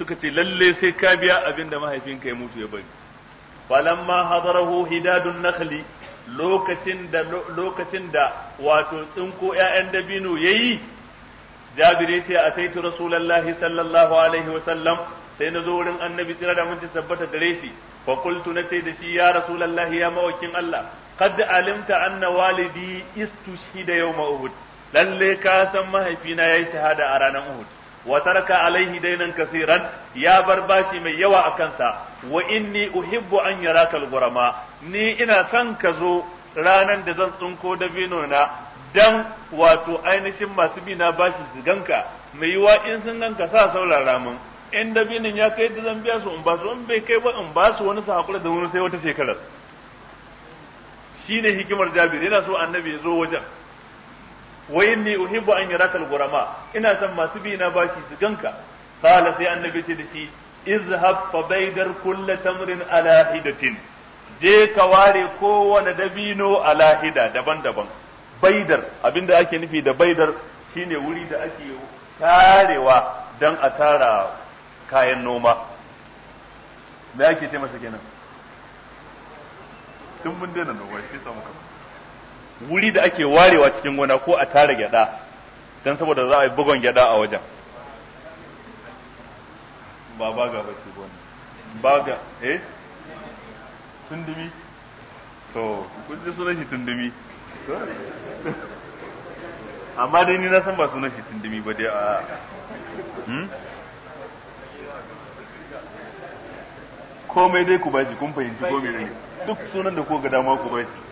suka ce lalle sai ka biya abin da mahaifinka ya mutu ya bari falamma hadarahu hidadun nakhli lokacin da lokacin da wato tsinko ƴaƴan dabino yayi sai yace ataitu rasulullahi sallallahu alaihi wa sallam sai na zo wurin annabi tsira da mun tabbata gare shi fa qultu na ce da shi ya rasulullahi ya mawakin Allah qad alimta anna walidi istushhida yawma uhud lalle ka san mahaifina yayi shahada a ranar uhud wa taraka alaihi dainan kasiran ya bar bashi mai yawa a kansa wa inni uhibbu an yaraka alghurama ni ina son ka zo ranan da zan tsinko dabino na dan wato ainihin masu bi na bashi su ganka mai yiwa in sun ganka sa saurara mun in binin ya kai da zan biya su in ba su in bai kai ba in ba su wani su da wani sai wata shekarar shine hikimar Jabir yana so annabi ya zo wajen wa inni uhibbu an yaraka gurama ina san masu bi na bashi su ganka qala sai annabi ce da shi izhab fa baydar kullu tamrin ala hidatin je ka ware kowane dabino ala hida daban-daban baidar abinda ake nufi da baidar shine wuri da ake tarewa dan a tara kayan noma me ake ce masa kenan tun mun daina noma shi samu kamar wuri da ake warewa cikin gona ko a tara gyada don saboda za a yi bugon gyada a wajen ba ba ga ba ce gona ba ga eh tundumi to kun ji sunan shi tundumi amma dai ni na san ba sunan shi tundumi ba dai a hmm? komai dai ku shi kun fahimci komai ne duk sunan da ku ga dama ku shi.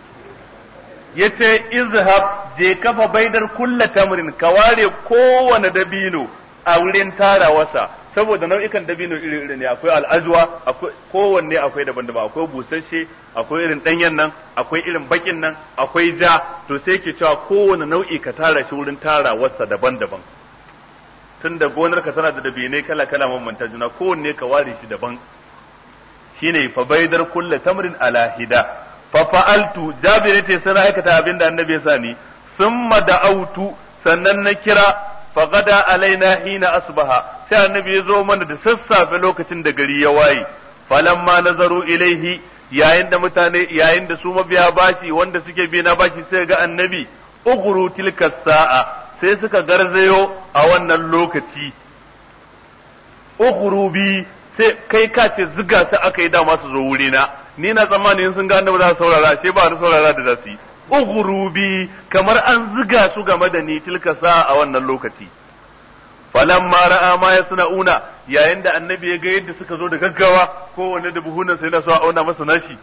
yace izhab je kafa baidar kulla tamrin ka ware kowane dabino a wurin wasa. saboda nau'ikan dabino iri-iri ne akwai al'ajuwa akwai kowanne akwai daban-daban akwai busasshe akwai irin danyen nan akwai irin bakin nan akwai ja to sai ke cewa kowane nau'i ka tara shi wurin wasa daban-daban tunda gonar ka tana da dabinai kala-kala mamanta juna kowanne ka ware shi daban shine fa baidar kulla tamrin ala hida fa fa'altu jabir yace sai aikata abin da annabi ya sani summa da'autu sannan na kira fa gada alaina hina asbaha sai annabi ya zo mana da sassafe lokacin da gari ya waye falamma nazaru ilaihi yayin da mutane yayin da su mabiya bashi wanda suke bi na bashi sai ga annabi uguru tilka sa'a sai suka garzayo a wannan lokaci uguru bi sai kai ka ce ziga su aka yi dama su zo wurina ni na tsammanin sun gane annabi za su saurara shi ba su saurara da za su yi ughrubi kamar an ziga su game da ni tilka sa a wannan lokaci falamma ra'a ma una. yayin da annabi ya ga yadda suka zo da gaggawa ko wanne da buhunan sai da su a auna masa nashi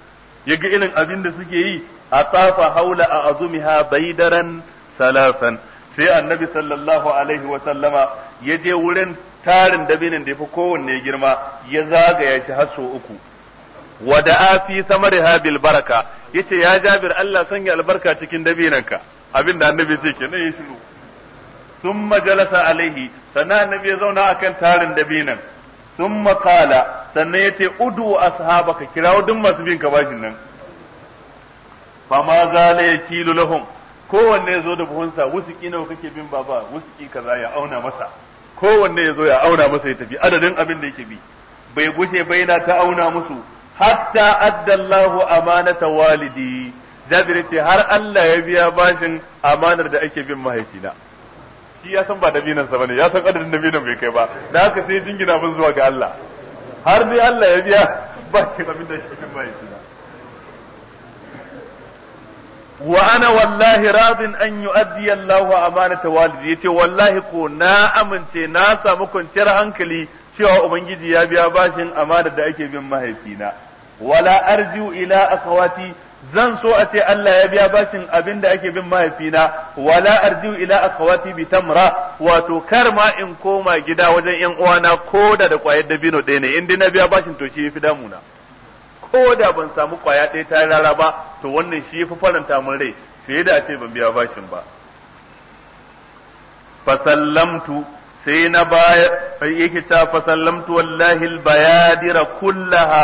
ya ga irin abin da suke yi a tsafa haula a azumiha baidaran salasan sai annabi sallallahu alaihi wa sallama ya je wurin tarin dabinin da ya fi kowanne girma ya zagaya shi har sau uku wa da'a fi samariha bil baraka yace ya Jabir Allah sanya albarka cikin dabinanka da annabi ce kenan ya shiru thumma jalasa alaihi sannan annabi ya zauna akan tarin dabinan thumma qala sannan yace udu ashabaka kirawo duk masu bin ka bashin nan fama zala yakilu lahum kowanne ya zo da buhunsa wusuki nawa kake bin baba wusuki kaza ya auna masa kowanne ya zo ya auna masa ya tafi adadin abin da yake bi bai gushe bai na ta auna musu hatta addallahu amanata walidi jabir ce har Allah ya biya bashin amanar da ake bin mahaifina shi ya san ba binan sa bane ya san adadin dabinan bai kai ba da haka sai jingina bin zuwa ga Allah har dai Allah ya biya bashin abin da shi bin mahaifina wa ana wallahi radin an yu'addi Allahu amanata walidi yace wallahi ko na amince na samu kwanciyar hankali cewa ubangiji ya biya bashin amana da ake bin mahaifina wala arju ila akhawati zan so a ce Allah ya biya bashin abinda ake bin mahaifina wala arju ila akhawati bi tamra wato kar ma in koma gida wajen yan uwana ko da da kwayar dabino ɗaya ne in dai na biya bashin to shi yafi damuna ko da ban samu kwaya ɗaya ta rara ba to wannan shi yafi faranta min rai fiye da a ce ban biya bashin ba fasallamtu sai na baya yake ta fasallamtu wallahi albayadira kullaha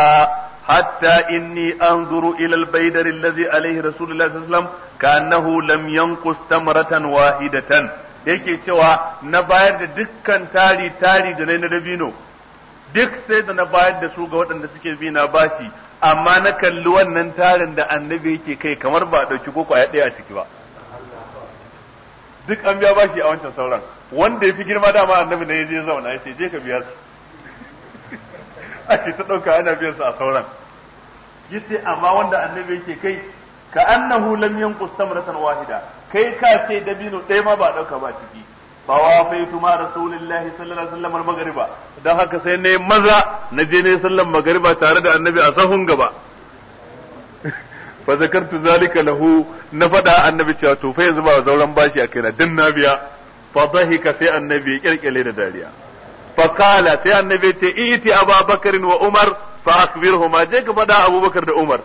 hatta inni anzuru ila albaydar allazi alaihi rasulullahi sallallahu alaihi wasallam ka'annahu lam yanqus tamratan wahidatan yake cewa na bayar da dukkan tari tari da na dabino duk sai da na bayar da su ga waɗanda suke bi na bashi amma na kalli wannan tarin da annabi yake kai kamar ba a ɗauki a ɗaya a ciki ba duk an biya bashi a wancan sauran wanda ya fi girma dama annabi ne ya je zauna ya ce je ka biya su ake ta ɗauka ana biyan su a sauran yace amma wanda annabi yake kai ka annahu lam yanqus tamratan wahida kai ka ce dabino ɗaya ma ba ɗauka ba ciki fa faitu ma rasulillahi sallallahu alaihi wasallam al magriba dan haka sai ne maza na je ne sallan magariba tare da annabi a sahun gaba fa zakartu zalika lahu na fada annabi cewa to fa yanzu ba zauren bashi a kaina din na biya fa dhahika sai annabi kirkire da dariya fa kala sai annabi ce iti ababakar wa umar fa akhbirhuma je ka faɗa abubakar da umar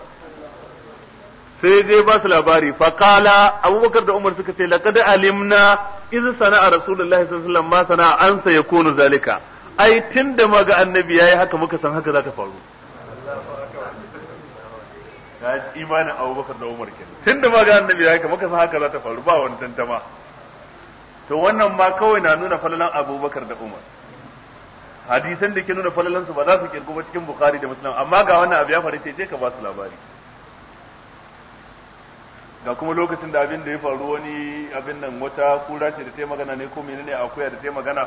sai je ba su labari fa kala abubakar da umar suka ce laqad alimna iz sana'a rasulullahi sallallahu alaihi wasallam ma sana'a an sa yakunu zalika ai tunda maga annabi yayi haka muka san haka za faru ka imanin abubakar da umar kenan tunda ba ga annabi ya haka maka kasa haka za ta faru ba wani tantama to wannan ma kawai na nuna falalan abubakar da umar hadisan da ke nuna falalan su ba za su kirgo ba cikin bukhari da muslim amma ga wannan abu ya faru sai je ka ba su labari ga kuma lokacin da abin da ya faru wani abin nan wata kura ce da ta magana ne ko menene akuya da ta magana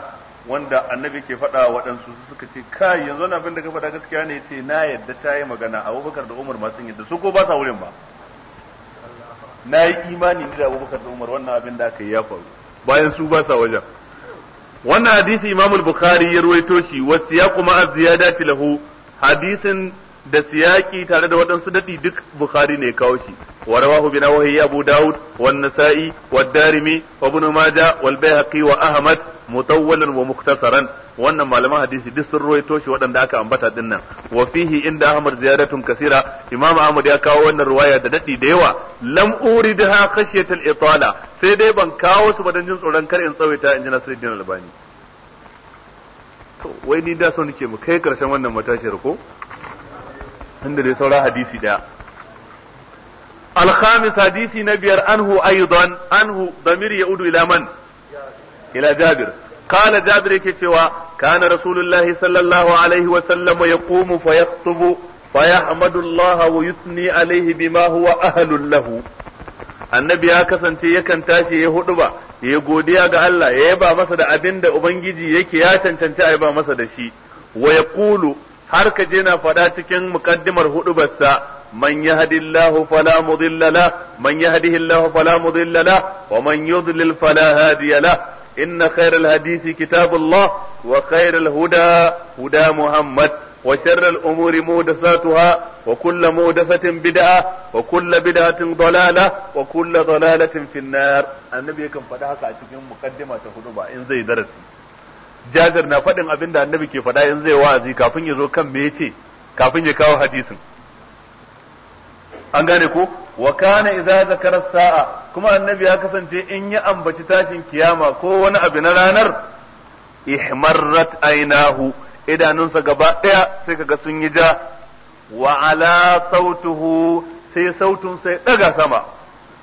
wanda annabi ke faɗa waɗansu suka ce kai yanzu wani abin da ka faɗa gaskiya ne ce na yadda ta yi magana Abubakar da Umar masu yadda su ko ba sa wurin ba na yi imani da Abubakar da Umar wannan abin da aka yi ya faru bayan su ba sa wajen wannan hadisi Imam bukhari ya ruwaito shi ya kuma a ziyada lahu hadisin da siyaki tare da waɗansu daɗi duk Bukhari ne kawo shi ورواه بنواه أبو داود والنسائي والدارمي وابن ماجة والبيهقي وأحمد مطولا ومختصرا wannan malaman hadisi duk sun ruwaito shi waɗanda aka ambata din nan wa fihi inda Ahmad ziyaratun kasira Imam Ahmad ya kawo wannan ruwaya da dadi da yawa lam uridha khashyatal itala sai dai ban kawo su ba dan jin tsoron kar in tsawaita in ji Nasiruddin Albani to wai ni da so nake mu kai karshen wannan matashiyar ko inda dai saura hadisi daya الخامس حديث نبير أنه أيضا أنه ضمير يعود إلى من إلى جابر قال جابر كتوى كان رسول الله صلى الله عليه وسلم يقوم فيخطب فيحمد الله ويثني عليه بما هو أهل له annabi ya kasance yakan tashi ya hudu ba ya godiya ga Allah ya yaba masa da abin da ubangiji yake ya cancanci a yaba masa da shi wa yaqulu har ka je na faɗa cikin muqaddimar hudubarsa من يهد الله فلا مضل له من يهده الله فلا مضل له ومن يضلل فلا هادي له إن خير الحديث كتاب الله وخير الهدى هدى محمد وشر الأمور مودثاتها وكل مودثة بدعة وكل بدعة ضلالة وكل ضلالة في النار النبي كان فدعك أتكلم مقدمة خطبة إن زي درس جابر na faɗin abin da annabi ke faɗa in zai wa'azi kafin ya zo kan me yace kafin ya kawo hadisin an gane ko wa kana idza zakara sa'a kuma annabi ya kasance in ya ambaci tashin kiyama ko wani abu na ranar ihmarrat ainahu idanunsa gaba daya sai kaga sun yi ja wa ala sautuhu sai sautun sai daga sama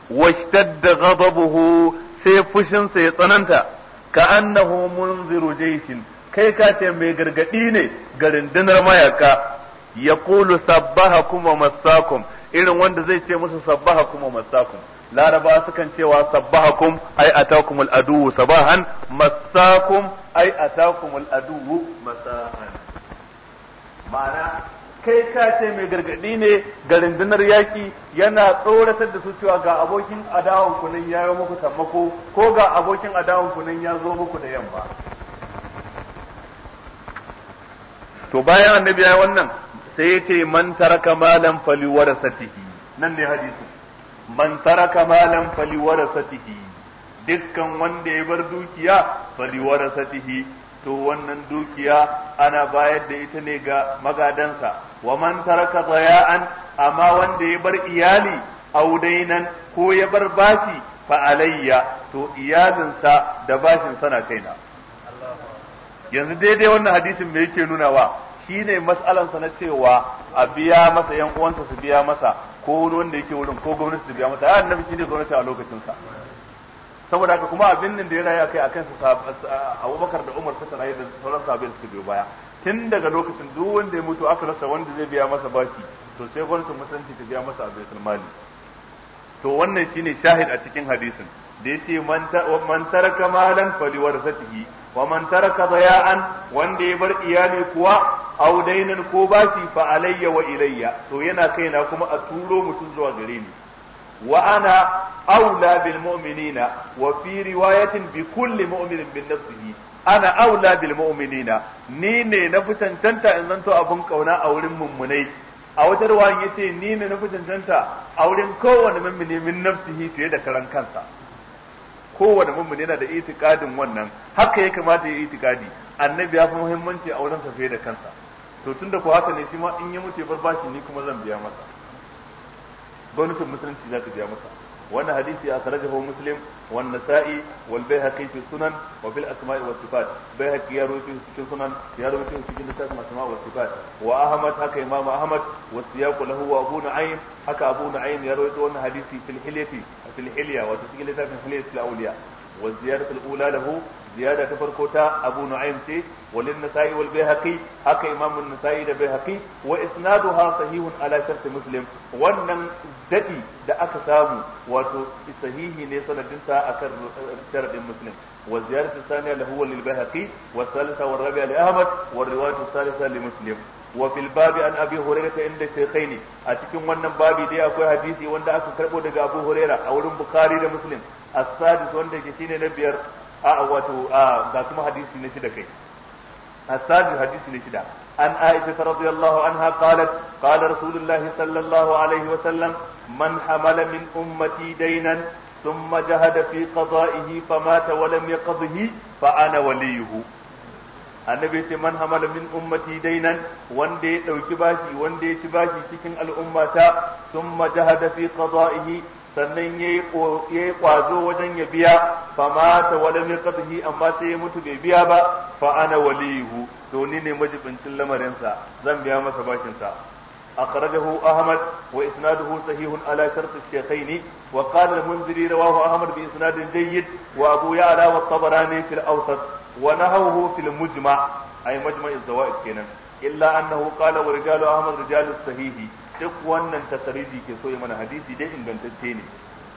washtadda ghadabuhu sai fushin sai tsananta ka annahu munziru jayshin kai ka ce mai gargadi ne ga rundunar mayaka yaqulu sabbaha kuma masakum irin wanda zai ce musu sabbaha kuma masakum laraba sukan cewa sabbahakum ai atakumul aduwu sabahan masakum ai atakumul aduwu masahan ma'ana kai ka ce mai gargadi ne ga rundunar yaki yana tsoratar da su cewa ga abokin adawan ku nan ya yi muku tammako ko ga abokin adawan ku nan ya zo muku da yamma to bayan annabi ya wannan sai ya ce man taraka malan fali warasatihi nan ne hadisi man taraka malan fali warasatihi dukkan wanda ya bar dukiya fali warasatihi to wannan dukiya ana bayar da ita ne ga magadansa wa man taraka daya'an amma wanda ya bar iyali audainan ko ya bar bashi fa alayya to iyalinsa da bashin sana kaina yanzu daidai wannan hadisin me yake nunawa shine mas'alansa na cewa a biya masa yan uwansa su biya masa ko wani wanda yake wurin ko gwamnati su biya masa ya annabi shine gwamnati a lokacin sa saboda haka kuma abin nan da ya rayu akai akan sa Abubakar da Umar suka rayu da sauran sahabbai suka biyo baya tun daga lokacin duk wanda ya mutu aka rasa wanda zai biya masa baki to sai gwamnatin musulunci ta biya masa a baitul mali to wannan shine shahid a cikin hadisin da yace man taraka malan fali warasatihi wa man taraka daya'an wanda ya bar iyali kuwa aw dainan ko bashi fa alayya wa ilayya to yana kaina kuma a turo mutum zuwa gare ni wa ana aula bil mu'minina wa fi riwayatin bi kulli mu'minin bi nafsihi ana aula bil mu'minina ni ne na fitantanta in zanto abun kauna a wurin mummunai a wata ruwan yace ni ne na fitantanta a wurin kowane mummuni min nafsihi fiye da karan kansa kowane mummuni yana da itikadin wannan haka ya kamata ya yi itikadi annabi ya fi muhimmanci a wurin sa da kansa to tunda ko haka ne shi ma in ya mutu ya bar bashi ni kuma zan biya masa gwamnatin musulunci za ta biya masa wannan hadisi a sarajahu muslim wan nasa'i wal bayhaqi fi sunan wa fil asma'i was sifat bayhaqi ya rawaito cikin sunan ya rawaito cikin littafin asma'i was sifat wa ahmad haka imam ahmad wa siyaqu lahu wa abu nu'aym haka abu nu'aym ya rawaito wannan hadisi fil hilyati fil hilya wa cikin littafin hilyatul awliya wa ziyadatul ula lahu ziyada ta farko ta Abu Nu'aym ce walin Nasa'i wal Baihaqi haka Imam Nasa'i da Baihaqi wa isnaduha sahihun ala shart wannan daɗi da aka samu wato sahihi ne sanadin sa akan eh, sharadin Muslim wa ziyadatu thaniya lahu lil Baihaqi wa thalitha wa rabi'a li Ahmad wa riwayatu thalitha li Muslim wa fil babi an abi ta inda shaykhaini a cikin wannan babi dai akwai hadisi wanda aka karɓo daga Abu Hurairah a wurin Bukhari da Muslim as-sadis wanda yake shine na biyar a wato a ga kuma hadisi na shida kai as-sadis na shida an aisha radiyallahu anha qalat qala rasulullah sallallahu alaihi wa sallam man ثم جهد في قضائه فمات ولم يقضه فأنا وليه annabi ce man hamala min ummati dainan wanda ya dauki bashi wanda ya ci bashi cikin al'ummata thumma jahada fi qada'ihi sannan ya yi kwazo wajen ya biya fa mata wala min qadhi amma sai ya mutu bai biya ba fa ana walihu to ni ne majibincin lamarinsa zan biya masa bashin sa akhrajahu ahmad wa isnaduhu sahihun ala shart ash-shaykhayn wa qala al-munziri rawahu ahmad bi isnadin jayyid wa abu ya'la wa tabarani fil awsat wa nahawhu fil mujma' ay majma' az-zawaid kenan illa annahu qala wa rijalu ahmad rijalu sahihi duk wannan tasaridi ke so ya mana hadisi dai ingantacce ne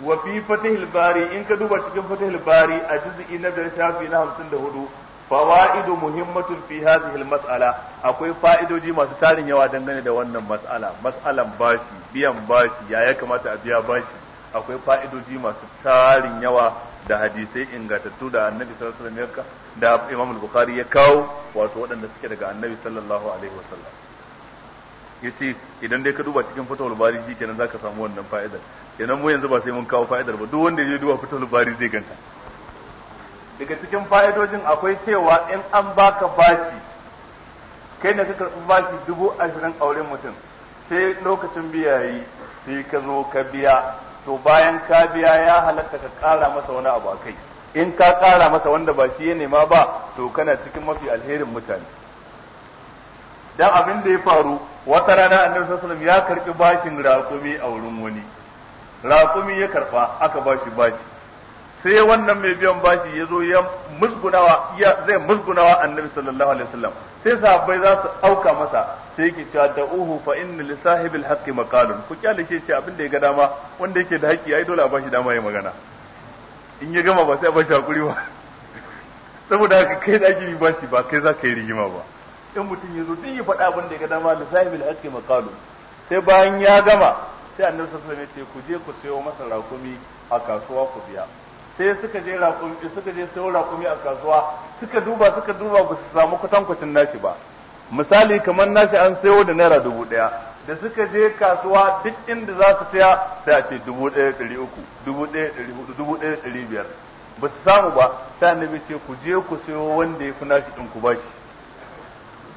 wa fi fatihil bari in ka duba cikin fatihil bari a juz'i na da shafi na 54 fawaidu muhimmatun fi hadhihi mas'ala akwai fa'idoji masu tarin yawa dangane da wannan mas'ala mas'alan bashi biyan bashi ya ya kamata a biya bashi akwai fa'idoji masu tarin yawa da hadisai ingantattu da annabi sallallahu alaihi wasallam da imam bukhari ya kawo wato waɗanda suke daga annabi sallallahu alaihi wasallam yace idan dai ka duba cikin fatawul bari kenan zaka samu wannan fa'idar kenan mu yanzu ba sai mun kawo fa'idar ba duk wanda ya duba fatawul bari zai ganta daga cikin fa'idojin akwai cewa in an baka bashi kai ne ka karɓi bashi dubu ashirin auren mutum sai lokacin biya yi sai ka zo ka biya to bayan ka biya ya halatta ka kara masa wani abu a kai in ka kara masa wanda ba shi ya nema ba to kana cikin mafi alherin mutane dan abin da ya faru wata rana annabi sallallahu ya karbi bashin raƙumi a wurin wani raƙumi ya karba aka bashi bashi sai wannan mai biyan bashi ya zo ya musgunawa ya zai musgunawa annabi sallallahu alaihi wasallam sai sahabbai za su auka masa sai yake cewa da uhu fa inna li sahibil haqqi maqalun ku kyale shi ce abin da ya ga dama wanda yake da haƙƙi ai dole a bashi dama ya magana in ya gama ba sai a bashi hakuri ba saboda kai da ake bashi ba kai za ka yi rigima ba in mutum ya zo duk ya faɗa abin da ya ga dama da da haƙƙi maƙalu sai bayan ya gama sai annabi sallallahu alaihi wasallam ya ce ku je ku sayo masa rakumi a kasuwa ku biya sai suka je rakumi suka je sayo rakumi a kasuwa suka duba suka duba ba su samu kwatankwacin nashi ba misali kamar nashi an sayo da naira dubu ɗaya da suka je kasuwa duk inda za su saya sai a ce dubu ɗaya ɗari uku dubu ɗaya ɗari hudu dubu ɗaya ɗari biyar ba su samu ba sai annabi ce ku je ku sayo wanda ya fi nashi ɗin ku ba shi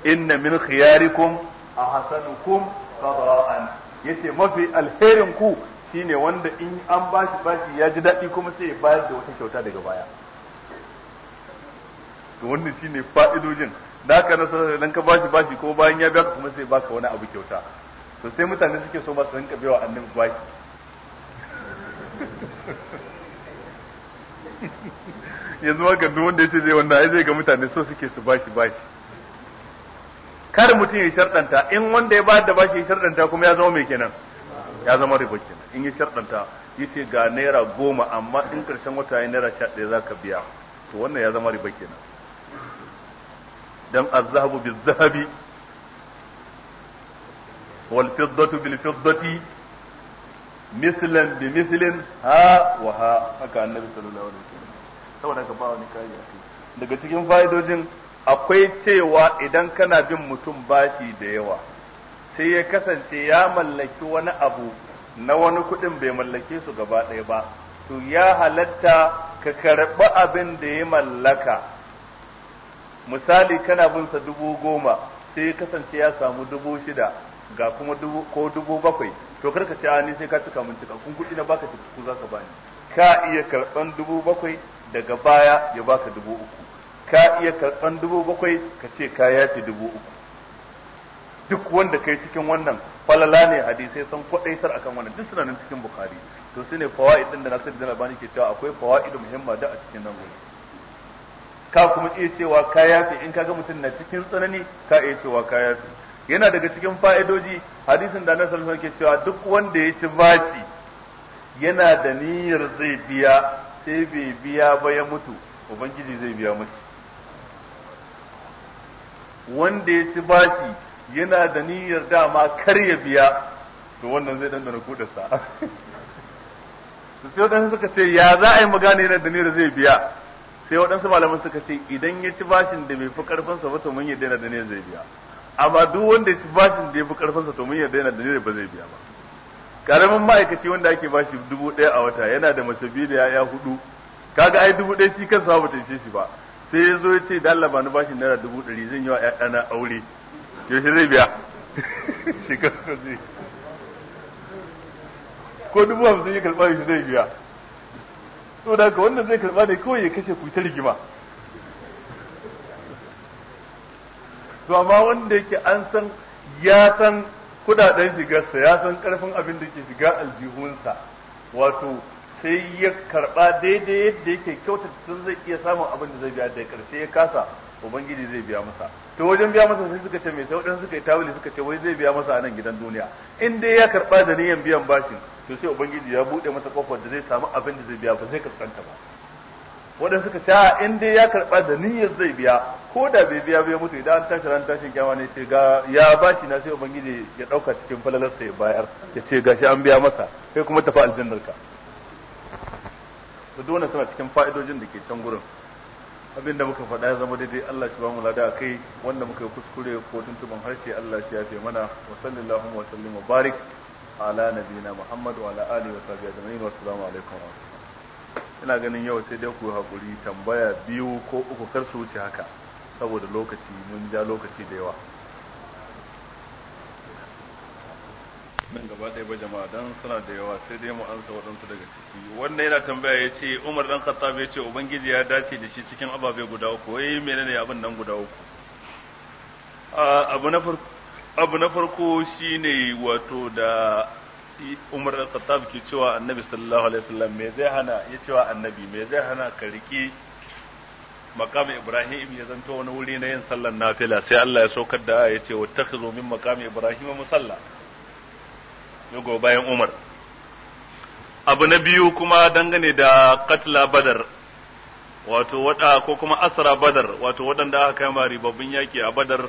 inna min khiyarikum ahsanukum sadra'an yace mafi alherin ku shine wanda in an bashi bashi ya ji daɗi kuma sai ya bayar da wata kyauta daga baya to wannan shine fa'idojin da aka na sanar idan ka bashi bashi ko bayan ya biya kuma sai baka wani abu kyauta to sai mutane suke so ba su rinka wa annabi bashi yanzu haka duk wanda yace zai wanda ai zai ga mutane so suke su bashi bashi kar mutum ya shardanta in wanda ya bayar da bashi ya shardanta kuma ya zama mai kenan ya zama riba kenan in ya sharɗanta yace ga naira goma amma in karshen wata ya naira sha ɗaya zaka biya to wannan ya zama riba kenan dan azhabu bizahabi wal fiddatu bil fiddati mislan bi mislin ha wa ha haka annabi sallallahu alaihi wasallam saboda ka ba wani kai daga cikin fa'idojin akwai cewa idan kana bin mutum bashi da yawa sai ya kasance ya mallaki wani abu na wani kuɗin bai mallake su gaba ɗaya ba to ya halatta ka karɓi abin da ya mallaka misali kana bin sa dubu goma sai ya kasance ya samu dubu shida ga kuma dubu ko dubu bakwai to karka ce ni sai ka cika min cika kun kuɗi na baka cika ku za ka bani ka iya karɓan dubu bakwai daga baya ya baka dubu uku ka iya karɓan dubu bakwai ka ce ka yace dubu uku duk wanda kai cikin wannan falala ne hadisai sun sar akan wannan duk suna nan cikin bukari to su ne fawaid din da sani bin Albani ke cewa akwai fawa'id muhimma da a cikin nan gurin ka kuma iya cewa ka yafe in kaga mutum na cikin tsanani ka iya cewa ka yafe yana daga cikin fa'idoji hadisin da na bin ke cewa duk wanda ya ci baci yana da niyyar zai biya sai bai biya ba ya mutu ubangiji zai biya mutu wanda ya ci bashi yana da niyyar dama kar ya biya to wannan zai dandana kudin sa sai waɗansu suka ce ya za a yi magana yana da niyyar zai biya sai waɗansu malaman suka ce idan ya ci bashin da bai fi sa ba to mun yadda yana da niyyar zai biya amma duk wanda ya ci bashin da ya fi sa to mun yadda yana da niyyar ba zai biya ba karamin ma'aikaci wanda ake bashi dubu ɗaya a wata yana da mace biyu da ya'ya hudu kaga ai dubu ɗaya shi kansa ba ta ishe shi ba sai ya zo ya ce da ba ni bashi naira dubu ɗari zan yi wa ƴaƴana aure ya shi zai biya shi shekara zai ko dubu hamsin ya karɓa shi zai biya to da wannan zai karɓa ne kawai ya kashe ku ta rigima to amma wanda yake an san ya san kudaden shigarsa ya san karfin abin da ke shiga aljihunsa wato sai ya karba daidai yadda yake kyauta tun zai iya samun abin da zai biya da karshe ya kasa ubangiji zai biya masa to wajen biya masa sai suka ce mai sai wadansu suka yi tawili suka ce wai zai biya masa a nan gidan duniya in dai ya karba da niyan biyan bashin to sai ubangiji ya bude masa kofar da zai samu abin da zai biya ba zai kaskanta ba wadansu suka ce in dai ya karba da niyyar zai biya ko da bai biya bai mutu idan an tashi ran tashin kyama ne sai ga ya bashi na sai ubangiji ya dauka cikin falalarsa ya bayar ya ce gashi an biya masa kai kuma tafi aljannar ka da dole suna cikin fa'idojin da ke can gurin abin muka faɗa ya zama daidai Allah shi ba mu lada kai wanda muka yi kuskure ko tuntuban harshe Allah shi ya fi mana wa sallallahu wa sallim wa barik ala nabiyina Muhammad wa ala alihi wa sahbihi ajma'in wa assalamu alaikum wa ina ganin yau sai dai ku hakuri tambaya biyu ko uku kar su wuce haka saboda lokaci mun ja lokaci da yawa nan gaba ɗaya ba jama'a don suna da yawa sai dai mu ansa waɗansu daga ciki wannan yana tambaya ya ce umar dan khattab ya ce ubangiji ya dace da shi cikin ababe guda uku wai menene abin nan guda uku abu na farko shi ne wato da umar dan khattab ke cewa annabi sallallahu alaihi wasallam me zai hana ya cewa annabi me zai hana ka riƙe مقام ibrahim ya zanto wani wuri na yin sallar nafila sai Allah ya saukar da ya ce wa takhizu min maqami ibrahim musalla ya bayan Umar abu na biyu kuma dangane da katla badar wato wada ko kuma asra badar wato waɗanda aka mari ribabbin yaki a badar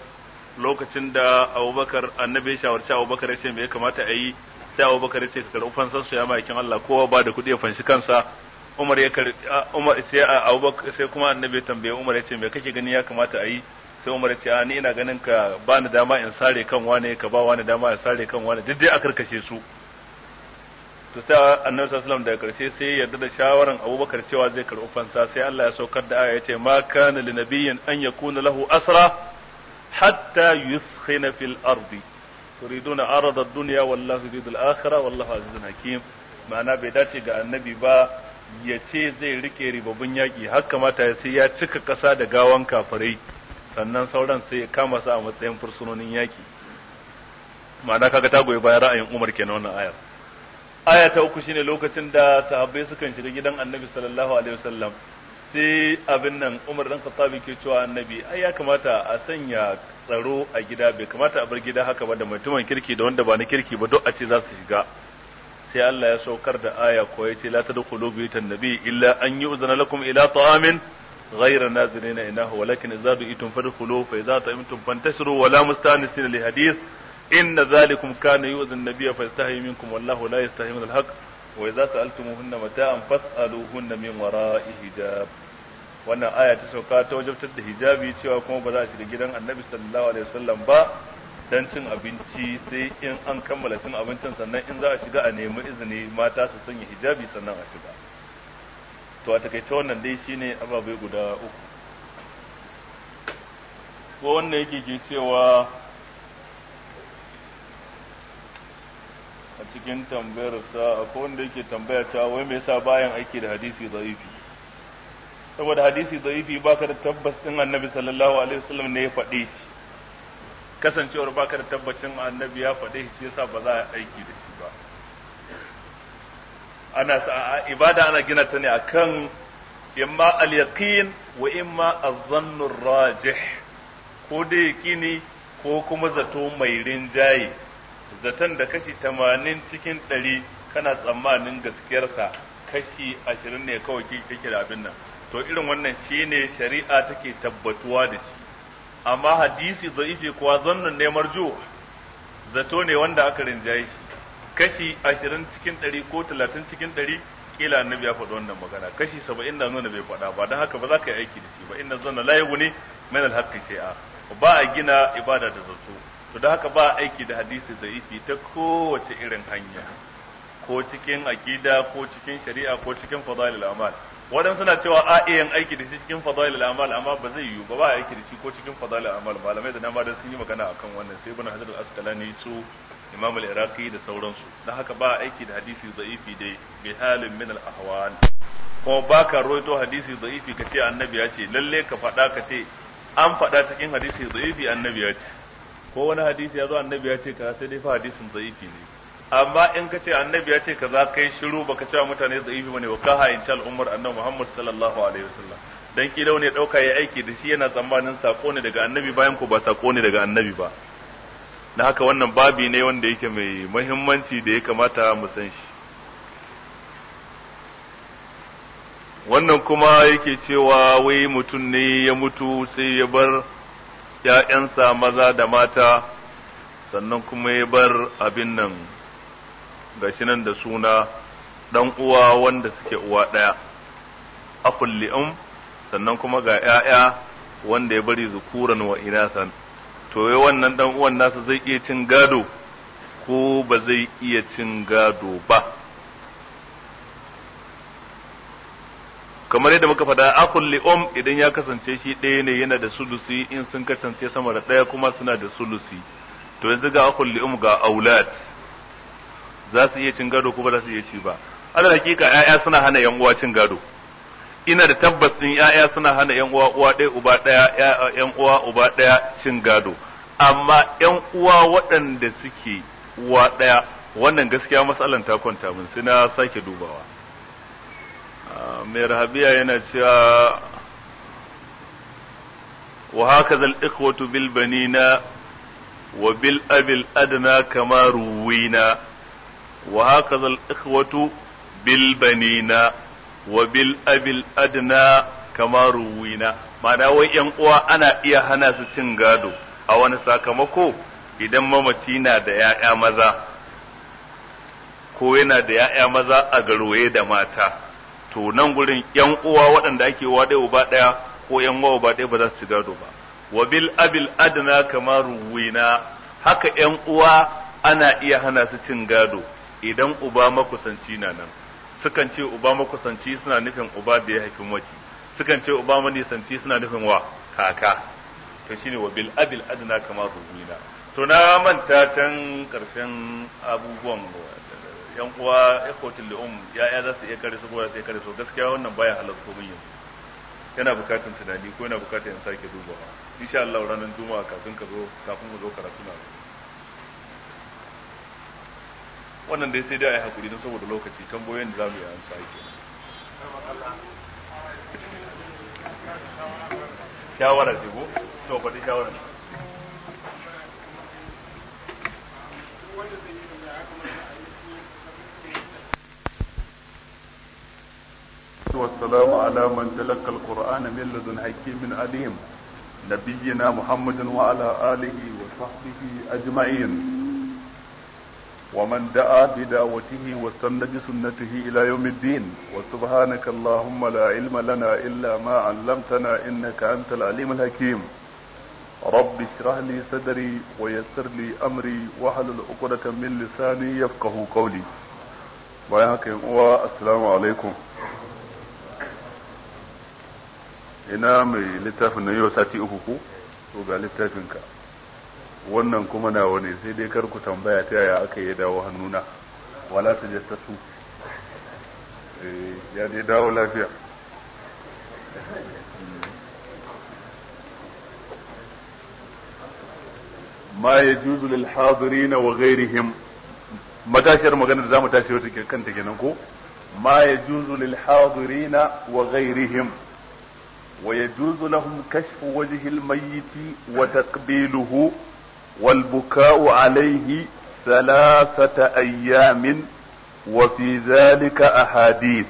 lokacin da abubakar annabi ya shawarci abubakar ya ce me ya kamata a yi sai abubakar ya ce ka karɓi fansar su ya makin Allah kowa ba da kuɗi ya fanshi kansa umar ya karɓi umar sai abubakar sai kuma annabi ya tambaye umar ya ce me kake gani ya kamata a yi sai Umar ya ah, ni ina ganin ka ba ni dama in sare kan wane ka ba wani dama in sare kan wane duk dai a karkashe su to sai annabi sallallahu daga karshe sai ya yarda da shawaran abubakar cewa zai karɓi fansa sai Allah ya saukar da aya ce ma kana li nabiyyin an yakuna lahu asra hatta yuskhina fil ardi turiduna arada ad-dunya wallahu yuridu al-akhirah wallahu azizun hakim ma'ana bai dace ga annabi ba ya ce zai rike ribabun yaki har kamata sai ya cika ƙasa da gawan kafirai sannan sauran sai ya kama su a matsayin fursunonin yaki ma'ana kaga ta goyi bayan ra'ayin Umar kenan wannan ayar aya ta uku shine lokacin da sahabbai sukan shiga gidan Annabi sallallahu alaihi wasallam sai abin nan Umar dan Khattabi ke cewa Annabi ai ya kamata a sanya tsaro a gida bai kamata a bar gida haka ba da mutumin kirki da wanda ba na kirki ba duk a ce za su shiga sai Allah ya saukar da aya ko ya ce la tadkhulu bi nabi illa an yu'zana lakum ila ta'amin غير نازلين إناه ولكن إذا دعيتم فادخلوه فإذا طعمتم فانتشروا ولا مستأنسين لحديث إن ذلكم كان يؤذي النبي فيستحي منكم والله لا يستحي من الحق وإذا سألتموهن متاعا فاسألوهن من وراء حجاب wannan aya ta sauka ta wajabtar da hijabi cewa kuma ba za shiga gidan annabi sallallahu alaihi ba dan cin abinci sai in an kammala cin abincin sannan in za a shiga a nemi izini mata su sanya hijabi sannan a shiga to a takaice wannan dai shine ababai guda uku ko wanda yake ke cewa a cikin tambayarsa akwai wanda yake tambaya ta wai me yasa bayan aiki da hadisi zaifi saboda hadisi zaifi baka da tabbas din annabi sallallahu alaihi wasallam ne ya faɗe shi kasancewar baka da tabbacin annabi ya faɗe shi yasa ba za a aiki da shi ba ana ibada ana gina ta ne akan imma al-yaqin wa imma az ar rajih ko da yaqini ko kuma zato mai rinjaye zaton da kashi 80 cikin 100 kana tsammanin gaskiyarsa kashi 20 ne kawai kike da abin nan to irin wannan shine shari'a take tabbatuwa da shi amma hadisi zai ce kuwa zannun ne marju zato ne wanda aka rinjaye shi kashi ashirin cikin ɗari ko talatin cikin ɗari kila annabi ya faɗi wannan magana kashi saba'in na nuna bai faɗa ba don haka ba za ka yi aiki da shi ba inna zanna la yughni min al-haqqi shay'a ba a gina ibada da zato to da haka ba a aiki da hadisi da ifi ta kowace irin hanya ko cikin akida ko cikin shari'a ko cikin fadailul amal wadan suna cewa a iya aiki da shi cikin fadailul amal amma ba zai yiwu ba ba aiki da shi ko cikin fadailul amal malamai da dama da sun yi magana akan wannan sai ibn hajar al-asqalani su imam al-iraqi da sauransu dan haka ba aiki da hadisi da'ifi dai bi halin min al-ahwal ko baka roito hadisi da'ifi ka ce annabi ya ce lalle ka faɗa ka ce an faɗa cikin hadisi da'ifi annabi ya ce ko wani hadisi ya zo annabi ya ce ka sai dai fa hadisin da'ifi ne amma in ka ce annabi ya ce za kai shiru baka cewa mutane da'ifi bane wa ka in tal umar annabi Muhammad sallallahu alaihi wasallam dan kila ne dauka ya aiki da shi yana tsammanin sako ne daga annabi bayan ko ba sako ne daga annabi ba na haka wannan babi ne wanda yake mai muhimmanci da ya kamata mu san shi wannan kuma yake cewa wai mutum ne ya mutu sai ya bar ‘ya'yansa maza da mata sannan kuma ya bar abin nan gashi nan da suna ɗan uwa wanda suke uwa ɗaya akulli'um sannan kuma ga ‘ya'ya wanda ya bari zukuran wa inasan. to ya wannan dan uwan nasa zai iya cin gado ko ba zai iya cin gado ba kamar yadda muka faɗa akul li'um idan ya kasance shi ɗaya ne yana da sulusi in sun kasance sama da ɗaya kuma suna da sulusi to yanzu ga akul li'um ga aulad za su iya cin gado ko ba za su iya ci ba alal hakika yaya suna hana yan uwa cin gado ina da tabbas in yaya suna hana yan uwa uwa ɗaya uba ɗaya yan uwa uba ɗaya cin gado amma yan uwa waɗanda suke uwa ɗaya wannan gaskiya matsalan ta kwanta mun sai na sake dubawa ah, mai rahabiya yana cewa wa haka zal ikhwatu bil banina wa bil abil adna kama ruwina wa haka zal ikhwatu bil banina wa bil abil adna kamar ruwina ma'ana wai yan uwa ana iya hana su cin gado a wani sakamako idan mamaci na da ya'ya maza ko yana da ya'ya maza a garwaye da mata to nan gurin yan uwa waɗanda ake wa uba ɗaya ko yan uwa uba ɗaya ba za su ci gado ba wa bil abil adna kamar ruwina haka yan uwa ana iya hana su cin gado idan uba makusanci na nan sukan ce uba makusanci suna nufin uba da ya haifi mace sukan ce uba nisanci suna nufin wa kaka to shine wa bil abil adna kama rubuina to na manta tan karshen abubuwan yan uwa ikhwatul um ya za su iya kare su ko za su iya kare su gaskiya wannan baya halarta mun yanzu yana bukatun tunani ko yana bukatun in sake dubawa insha Allah ranar juma'a kafin ka zo kafin mu zo karatu na wannan dai sai dai a yi hakuri don saboda lokaci tambayoyin da za mu yi an sa ke shawara ce ko to faɗi shawara والسلام على من تلقى القرآن من لدن حكيم عليم نبينا محمد وعلى آله وصحبه أجمعين ومن دعا بدعوته واستنى بسنته إلى يوم الدين وسبحانك اللهم لا علم لنا إلا ما علمتنا إنك أنت العليم الحكيم رب اشرح لي صدري ويسر لي أمري واحلل عقدة من لساني يفقه قولي بياك السلام عليكم ina mai littafin na yau sati uku ko to ga littafinka wannan kuma na wani sai dai kar ku tambaya ta yaya aka yi dawo hannuna wala ta jatta su eh, ya dai dawo lafiya ma ya juzu lil hadirina wa ghairihim matashiyar magana da zamu tashi wata kanta kenan ko ma ya juzu lil hadirina wa ghairihim wa yajuzu lahum kashfu wajhi al mayyit wa taqbiluhu والبكاء عليه ثلاثة أيام وفي ذلك أحاديث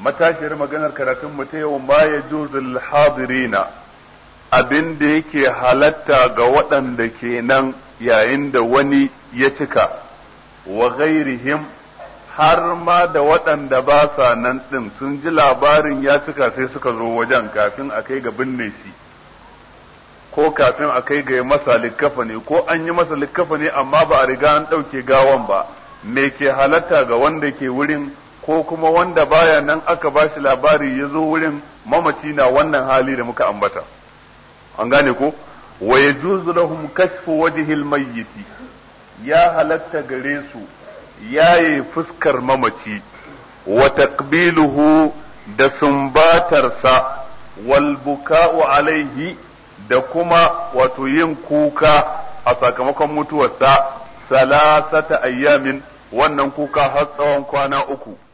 matashiyar maganar karatun mu ta yau ma ya juzul hadirina abin da yake halatta ga waɗanda ke nan yayin da wani ya cika wa ghairihim har ma da waɗanda ba sa nan ɗin sun ji labarin ya cika sai suka zo wajen kafin a kai ga binne shi ko kafin a kai ga masa likkafa ne ko an yi masa likkafa ne amma ba a riga an ɗauke gawan ba me ke halatta ga wanda ke wurin ko kuma wanda baya nan aka ba shi labari ya zo wurin mamaci na wannan hali da muka ambata an gane ko wa yajuzu lahum kashfu wajhi almayyit ya halatta gare su yaye fuskar mamaci wa taqbiluhu da sumbatarsa wal buka'u alaihi da kuma wato yin kuka a sakamakon mutuwarsa salasata ayyamin wannan kuka har tsawon kwana uku